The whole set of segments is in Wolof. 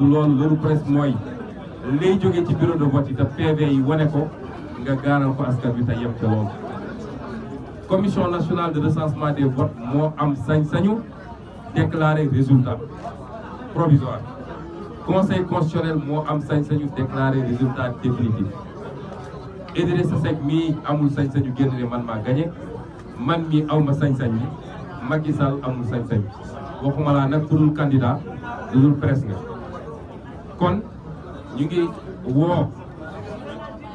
loolu loolu presque mooy lay jóge ci bureau de vote yi te yi wane ko nga gaaral ko askan bi te yem ca loolu commission nationale de recensement des votes moo am sañ-sañu déclarer résultat provisoire conseil constitutionnel moo am sañ-sañu déclarer résultat définitif Idrissa Seck mii amul sañ-sañu génn ne man maa gagné man mii aw ma sañ-sañ bi Macky sal amul sañ-sañ bi waxuma laa nag ku dul candidat lu dul presse kon ñu ngi woo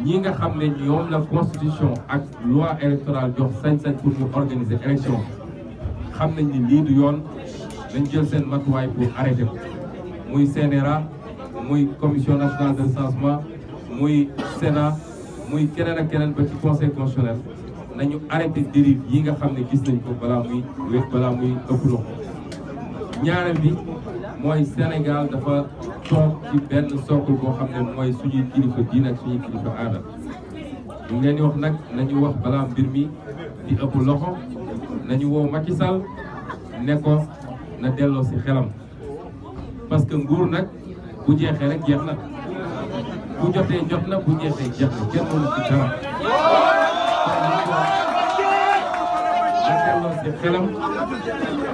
ñi nga xam ne ñoom la constitution ak loi électorale jox sañ-sañ pour ñu organiser élection xam nañ ni lii yoon dañ jël seen matuwaay pour arrêter ko muy CNRA muy commission nationale de recensement muy Sénat muy keneen ak keneen ba ci conseil constitutionnel nañu arrêté dérive yi nga xam ne gis nañ ko balaa muy balaa muy ëpp loxo ñaareel bi mooy Sénégal dafa toog ci benn socle boo xam ne mooy suñuy kilifa diin ak suñuy kilifa aada ñu ngi leen wax nag nañu wax balaa mbir mi di ëpp loxo nañu woo Macky ne ko na delloo si xelam que nguur nag bu jeexee rek ci xelam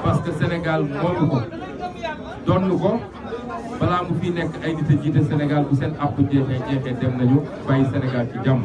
parce que Sénégal moomu ko donn ko balaa mu fi nekk ay nit a jiite Sénégal bu seen àpp jeexee jeexee dem nañu bàyyi Sénégal ci jàmm